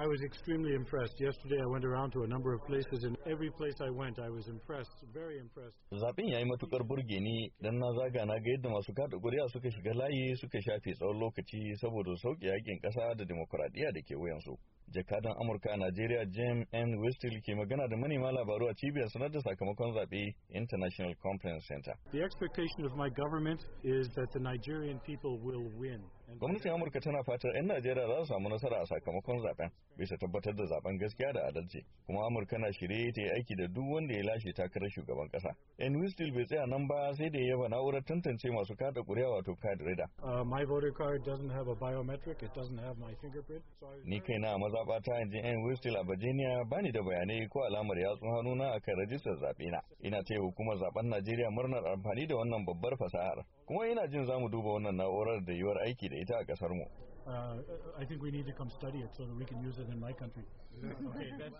I was extremely impressed. Yesterday I went around to a number of places and every place I went I was impressed, very impressed. Zaben yayi matukar burge ni dan na zaga na ga yadda masu kada kuri'a suka shiga layi suka shafe tsawon lokaci saboda sauƙi yakin ƙasa da demokradiyya da ke wayansu. jakadan amurka a najeriya jim n westil ke magana da manema labaru a cibiyar sanar da sakamakon zaɓe international conference center the expectation of my government is that the nigerian people will win gwamnatin amurka tana fatar 'yan najeriya za su samu nasara a sakamakon zaben bisa tabbatar da zaben gaskiya da adalci kuma amurka na shirye ta yi aiki da duk wanda ya lashe takarar shugaban kasa n westil bai tsaya nan ba sai da ya yaba na'urar tantance masu kada kuri'a wato card reader uh, my voter card doesn't have a biometric it doesn't have my fingerprint ni kaina maza zaba ta yanzu yan Westil a Virginia ba da bayanai ko alamar yatsun hannuna akan rajistar zaɓe na. Ina ce hukumar zaɓen Najeriya murnar amfani da wannan babbar fasahar. Kuma ina jin za mu duba wannan na'urar da yiwuwar aiki da ita a ƙasar mu.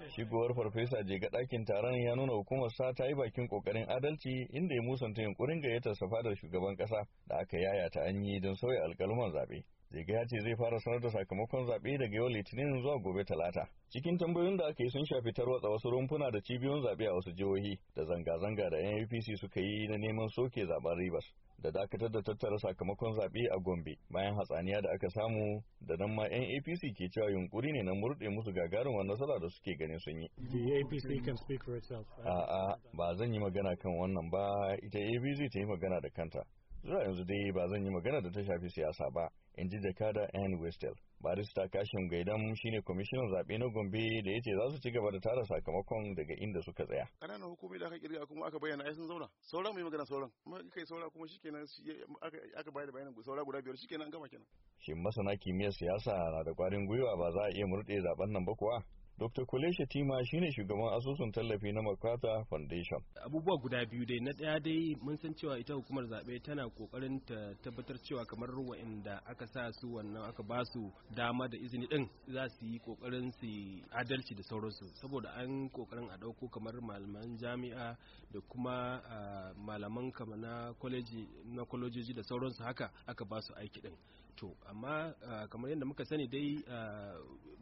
Shigowar Farfesa je ga ɗakin taron ya nuna hukumar sa ta yi bakin ƙoƙarin adalci inda ya musanta yunƙurin gayyatar safadar shugaban ƙasa da aka yaya ta an yi don sauya alƙaluman zaɓe. Jega ya ce zai fara sanar da sakamakon zaɓe daga yau Litinin zuwa gobe Talata. Cikin tambayoyin da aka yi sun shafi tarwatsa wasu rumfuna da cibiyoyin zaɓe a wasu jihohi da zanga-zanga da apc suka yi na neman soke zaɓen Rivers da dakatar da tattara sakamakon zaɓe a Gombe bayan hatsaniya da aka samu da nan ma apc ke cewa yunkuri ne na murɗe musu gagarumar nasara da suke ganin sun yi. A'a ba zan yi magana kan wannan ba ita APC ta yi magana da kanta. zuwa yanzu dai ba zan yi magana da ta shafi siyasa ba in ji jakada ann westel barista kashin gaidan shine kwamishinan zaɓe na gombe da yace za su ci gaba da tara sakamakon daga inda suka tsaya ƙananan hukumi da aka kirga kuma aka bayyana ai sun zauna sauran mai magana sauran kuma kai saura kuma shikenan aka bayar da bayanin saura guda biyar shikenan an gama kenan shin masana kimiyyar siyasa na da ƙwarin gwiwa ba za a iya murɗe zaben nan ba kuwa Dr. kulesha tima shine shugaban asusun tallafi na Makata Foundation. Abubuwa guda biyu dai na daya dai mun san cewa ita hukumar zabe tana kokarin ta tabbatar cewa kamar inda aka sa su wannan aka ba su dama da izini din za su yi kokarin su adalci da sauransu saboda an kokarin a dauko kamar malaman jami'a da kuma malaman kama na kwalejoji da sauransu haka aka ba su aiki din. to amma ah, kamar yadda muka sani dai ah,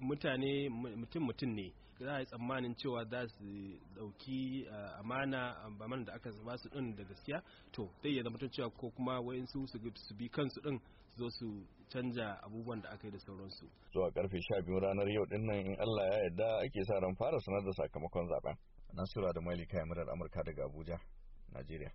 mutane mutum mutum ne za a yi tsammanin cewa za su dauki ah, amana man da aka ba su din da gaskiya to dai ya zama cewa ko kuma wayan su su bi kansu din zo su canja abubuwan da aka yi da sauransu zuwa karfe 12 ranar yau din nan in Allah ya yarda ake sa ran fara sanar da sakamakon zaben Nasura da Malika Yamirar Amurka daga Abuja Najeriya